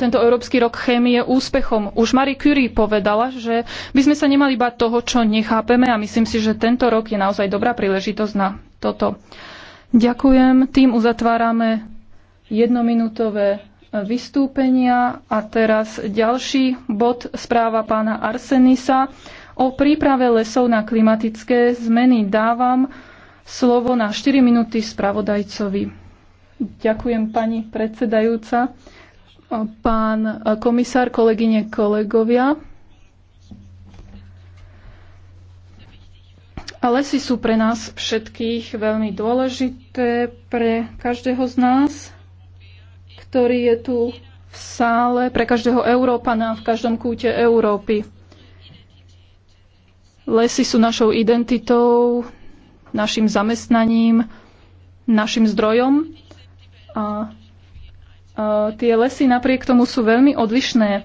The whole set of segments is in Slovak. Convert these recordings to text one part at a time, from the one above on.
tento Európsky rok chémie úspechom. Už Marie Curie povedala, že by sme sa nemali bať toho, čo nechápeme a myslím si, že tento rok je naozaj dobrá príležitosť na toto. Ďakujem. Tým uzatvárame jednominútové vystúpenia a teraz ďalší bod správa pána Arsenisa o príprave lesov na klimatické zmeny. Dávam slovo na 4 minúty spravodajcovi. Ďakujem pani predsedajúca. Pán komisár, kolegyne, kolegovia, lesy sú pre nás všetkých veľmi dôležité, pre každého z nás, ktorý je tu v sále, pre každého Európana v každom kúte Európy. Lesy sú našou identitou, našim zamestnaním, našim zdrojom a E, tie lesy napriek tomu sú veľmi odlišné,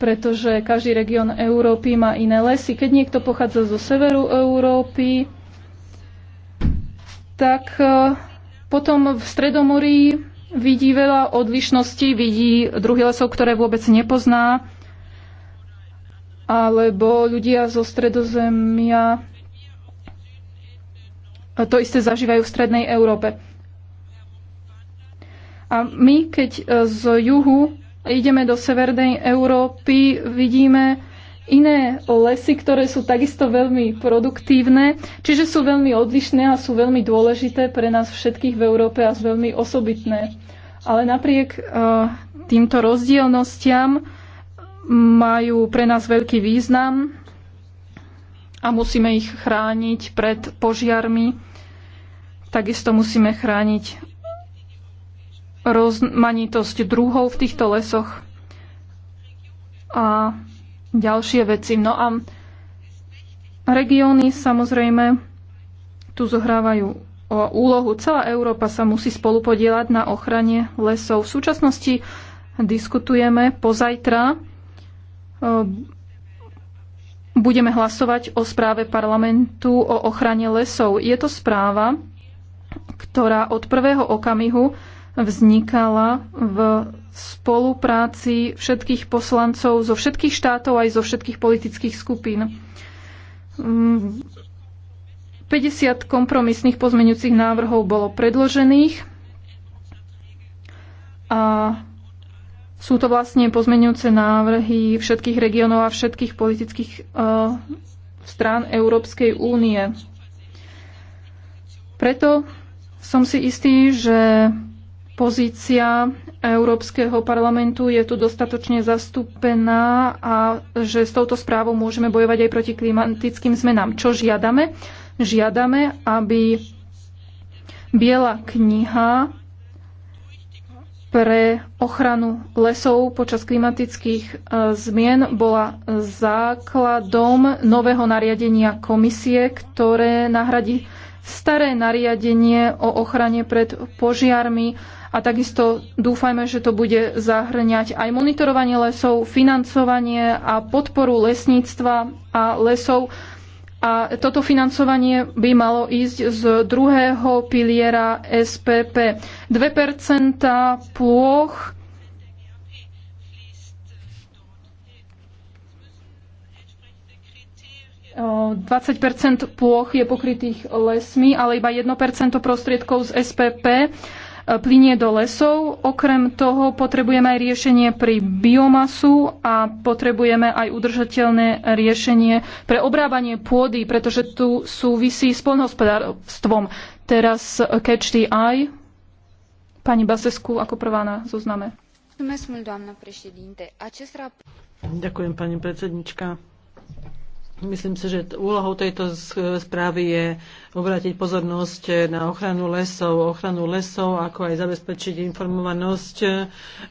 pretože každý región Európy má iné lesy. Keď niekto pochádza zo severu Európy, tak e, potom v Stredomorí vidí veľa odlišností, vidí druhý lesov, ktoré vôbec nepozná, alebo ľudia zo stredozemia to isté zažívajú v strednej Európe. A my, keď e, z juhu ideme do severnej Európy, vidíme iné lesy, ktoré sú takisto veľmi produktívne, čiže sú veľmi odlišné a sú veľmi dôležité pre nás všetkých v Európe a sú veľmi osobitné. Ale napriek e, týmto rozdielnostiam majú pre nás veľký význam a musíme ich chrániť pred požiarmi. Takisto musíme chrániť rozmanitosť druhov v týchto lesoch a ďalšie veci. No a regióny samozrejme tu zohrávajú o úlohu. Celá Európa sa musí spolupodielať na ochrane lesov. V súčasnosti diskutujeme pozajtra. E, budeme hlasovať o správe parlamentu o ochrane lesov. Je to správa, ktorá od prvého okamihu vznikala v spolupráci všetkých poslancov zo všetkých štátov aj zo všetkých politických skupín. 50 kompromisných pozmeňujúcich návrhov bolo predložených a sú to vlastne pozmeňujúce návrhy všetkých regionov a všetkých politických uh, strán Európskej únie. Preto som si istý, že pozícia Európskeho parlamentu je tu dostatočne zastúpená a že s touto správou môžeme bojovať aj proti klimatickým zmenám. Čo žiadame? Žiadame, aby Biela kniha pre ochranu lesov počas klimatických e, zmien bola základom nového nariadenia komisie, ktoré nahradí staré nariadenie o ochrane pred požiarmi a takisto dúfajme, že to bude zahrňať aj monitorovanie lesov, financovanie a podporu lesníctva a lesov. A toto financovanie by malo ísť z druhého piliera SPP. 2% plôch O 20 plôch je pokrytých lesmi, ale iba 1 prostriedkov z SPP plinie do lesov. Okrem toho potrebujeme aj riešenie pri biomasu a potrebujeme aj udržateľné riešenie pre obrábanie pôdy, pretože tu súvisí s poľnohospodárstvom. Teraz catch the eye. Pani Basescu ako prvá na zozname. Ďakujem, pani predsednička. Myslím si, že úlohou tejto správy je obrátiť pozornosť na ochranu lesov, ochranu lesov, ako aj zabezpečiť informovanosť,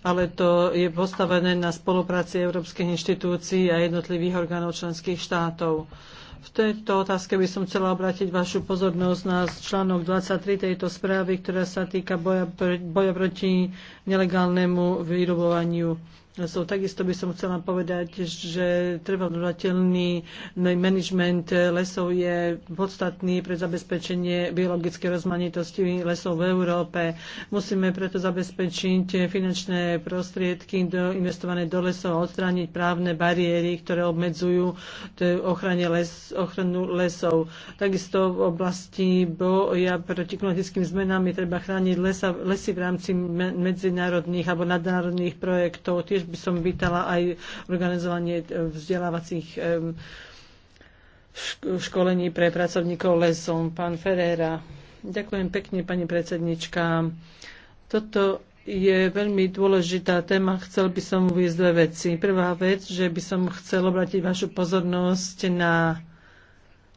ale to je postavené na spolupráci európskych inštitúcií a jednotlivých orgánov členských štátov. V tejto otázke by som chcela obrátiť vašu pozornosť na článok 23 tejto správy, ktorá sa týka boja, boja proti nelegálnemu vyrubovaniu so, takisto by som chcela povedať, že trvalodržateľný management lesov je podstatný pre zabezpečenie biologickej rozmanitosti lesov v Európe. Musíme preto zabezpečiť finančné prostriedky do, investované do lesov a odstrániť právne bariéry, ktoré obmedzujú ochrane les, ochranu lesov. Takisto v oblasti boja proti klimatickým zmenám je treba chrániť lesa, lesy v rámci medzinárodných alebo nadnárodných projektov. Tiež Tiež by som vítala aj organizovanie e, vzdelávacích e, školení pre pracovníkov lesom. Pán Ferreira. Ďakujem pekne, pani predsednička. Toto je veľmi dôležitá téma. Chcel by som uviezť dve veci. Prvá vec, že by som chcel obrátiť vašu pozornosť na,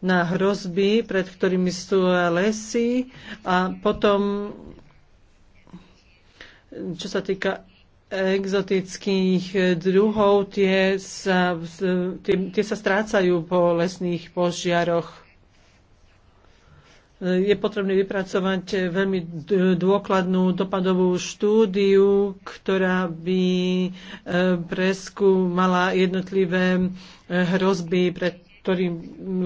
na hrozby, pred ktorými sú lesy a potom, čo sa týka exotických druhov, tie sa, tie, tie sa strácajú po lesných požiaroch. Je potrebné vypracovať veľmi dôkladnú dopadovú štúdiu, ktorá by e, preskúmala jednotlivé e, hrozby pred ktorým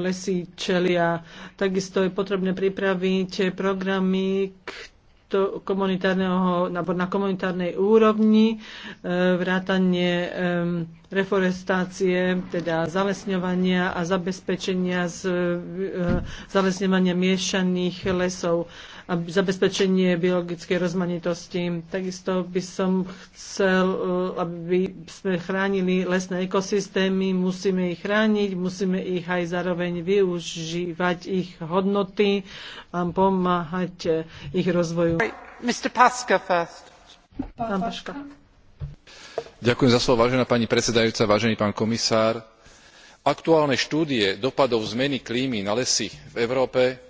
lesy čelia. Takisto je potrebné pripraviť programy, to komunitárneho, na komunitárnej úrovni, e, vrátanie e, reforestácie, teda zalesňovania a zabezpečenia z, e, zalesňovania miešaných lesov a zabezpečenie biologickej rozmanitosti. Takisto by som chcel, e, aby sme chránili lesné ekosystémy, musíme ich chrániť, musíme ich aj zároveň využívať ich hodnoty a pomáhať e, ich rozvoju. Mr. Paska first. Pán Paška. Ďakujem za slovo, vážená pani predsedajúca, vážený pán komisár. Aktuálne štúdie dopadov zmeny klímy na lesy v Európe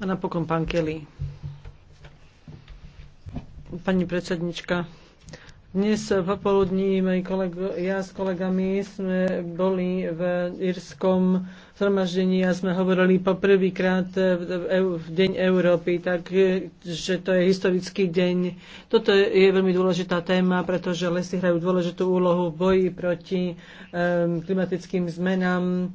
a napokon pán Kelly. Pani predsednička, dnes popoludní kolego, ja s kolegami sme boli v írskom zhromaždení a sme hovorili poprvýkrát v, v Deň Európy, takže to je historický deň. Toto je veľmi dôležitá téma, pretože lesy hrajú dôležitú úlohu v boji proti um, klimatickým zmenám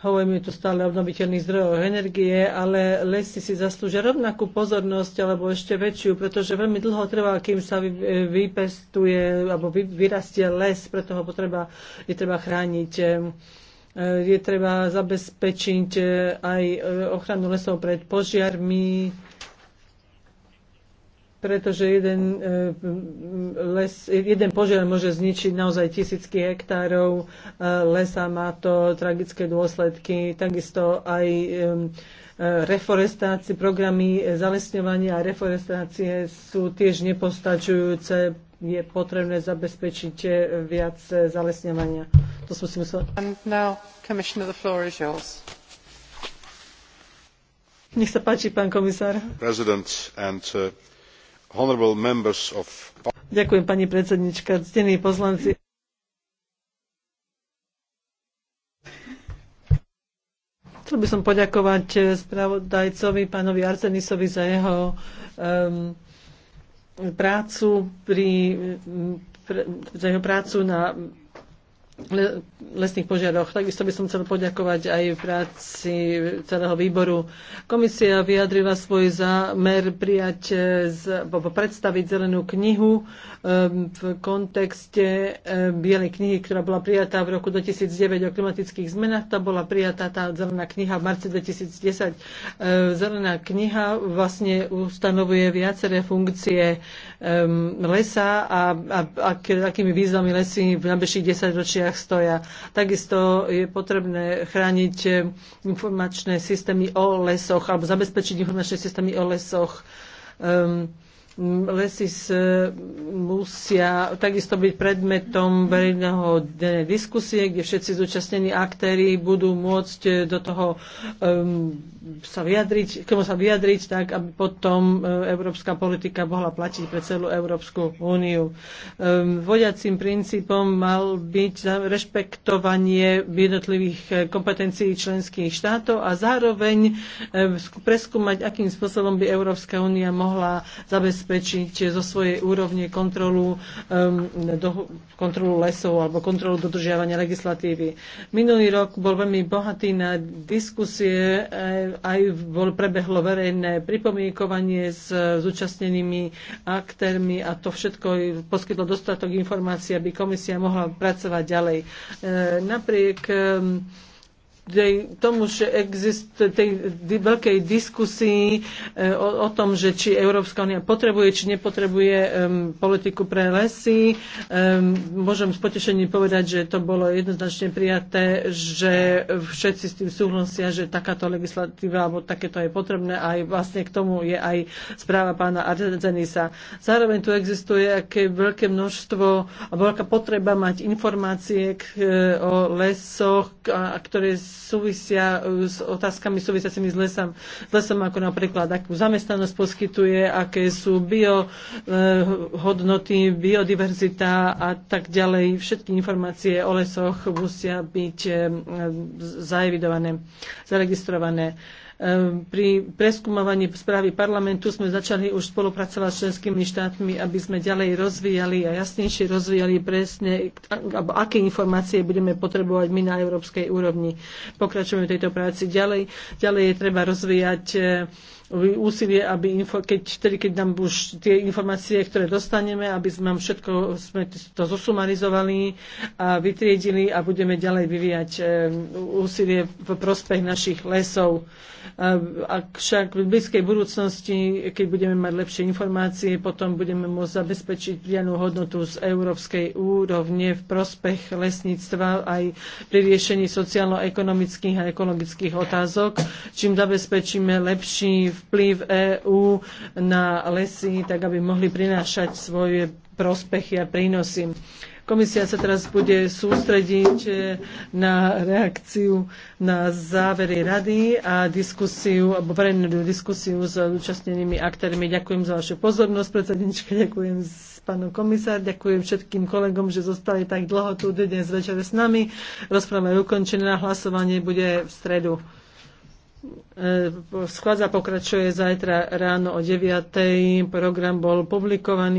hovoríme tu stále o obnoviteľných zdrojoch energie, ale lesy si zaslúžia rovnakú pozornosť alebo ešte väčšiu, pretože veľmi dlho trvá, kým sa e, vypestuje alebo vyrastie les, preto ho potreba, je treba chrániť e, je treba zabezpečiť e, aj ochranu lesov pred požiarmi, pretože jeden, e, les, jeden požiar môže zničiť naozaj tisícky hektárov e, lesa, má to tragické dôsledky, takisto aj e, reforestácie, programy zalesňovania a reforestácie sú tiež nepostačujúce, je potrebné zabezpečiť viac zalesňovania. To som si musela... Now, Nech sa páči, pán komisár. President and, uh... Ďakujem, pani predsednička, ctení poslanci. Chcel by som poďakovať eh, spravodajcovi, pánovi Arsenisovi, za jeho prácu pri, za jeho prácu na lesných požiaroch. Takisto by som chcel poďakovať aj v práci celého výboru. Komisia vyjadrila svoj zámer prijať, z, predstaviť zelenú knihu v kontekste bielej knihy, ktorá bola prijatá v roku 2009 o klimatických zmenách. Tá bola prijatá tá zelená kniha v marci 2010. Zelená kniha vlastne ustanovuje viaceré funkcie lesa a, a, a akými významy lesy v najbližších 10 ročiach strach stoja. Takisto je potrebné chrániť eh, informačné systémy o lesoch alebo zabezpečiť informačné systémy o lesoch. Um, lesy s, musia takisto byť predmetom verejného diskusie, kde všetci zúčastnení aktéry budú môcť eh, do toho um, sa vyjadriť, k tomu sa vyjadriť tak, aby potom eh, európska politika mohla platiť pre celú Európsku úniu. Um, ehm, vodiacím princípom mal byť rešpektovanie jednotlivých eh, kompetencií členských štátov a zároveň um, preskúmať, akým spôsobom by Európska únia mohla zabezpečiť zabezpečiť zo svojej úrovne kontrolu, do, kontrolu lesov alebo kontrolu dodržiavania legislatívy. Minulý rok bol veľmi bohatý na diskusie, e, aj bol, prebehlo verejné pripomínkovanie s zúčastnenými aktérmi a to všetko poskytlo dostatok informácií, aby komisia mohla pracovať ďalej. E, napriek tej, tomu, že existuje tej veľkej diskusii e, o, o tom, že či Európska unia potrebuje, či nepotrebuje um, politiku pre lesy. Um, môžem s potešením povedať, že to bolo jednoznačne prijaté, že všetci s tým súhlasia, že takáto legislatíva alebo takéto je potrebné a aj vlastne k tomu je aj správa pána Arzenisa. Zároveň tu existuje aké veľké množstvo a veľká potreba mať informácie k, e, o lesoch, a, ktoré súvisia e, s otázkami súvisiacimi s lesom, s lesom ako napríklad, akú zamestnanosť poskytuje, aké sú biohodnoty, e, biodiverzita a tak ďalej. Všetky informácie o lesoch musia byť e, zaevidované, zaregistrované. Ehm, pri preskúmavaní správy parlamentu sme začali už spolupracovať s členskými štátmi, aby sme ďalej rozvíjali a jasnejšie rozvíjali presne, aké informácie budeme potrebovať my na európskej úrovni. Pokračujeme v tejto práci ďalej. Ďalej je treba rozvíjať úsilie, aby info, keď, tedy, keď nám už tie informácie, ktoré dostaneme, aby sme všetko sme to zosumarizovali a vytriedili a budeme ďalej vyvíjať eh, úsilie v prospech našich lesov. Eh, a však v blízkej budúcnosti, keď budeme mať lepšie informácie, potom budeme môcť zabezpečiť prianú hodnotu z európskej úrovne v prospech lesníctva aj pri riešení sociálno-ekonomických a ekologických otázok, čím zabezpečíme lepší vplyv EÚ na lesy, tak aby mohli prinášať svoje prospechy a prínosy. Komisia sa teraz bude sústrediť e, na reakciu na závery rady a diskusiu, alebo verejnú diskusiu s účastnenými aktérmi. Ďakujem za vašu pozornosť, predsednička, ďakujem pánu komisár, ďakujem všetkým kolegom, že zostali tak dlho tu dnes večer s nami. Rozpráva je ukončená, hlasovanie bude v stredu. E, Schádza pokračuje zajtra ráno o 9. Program bol publikovaný.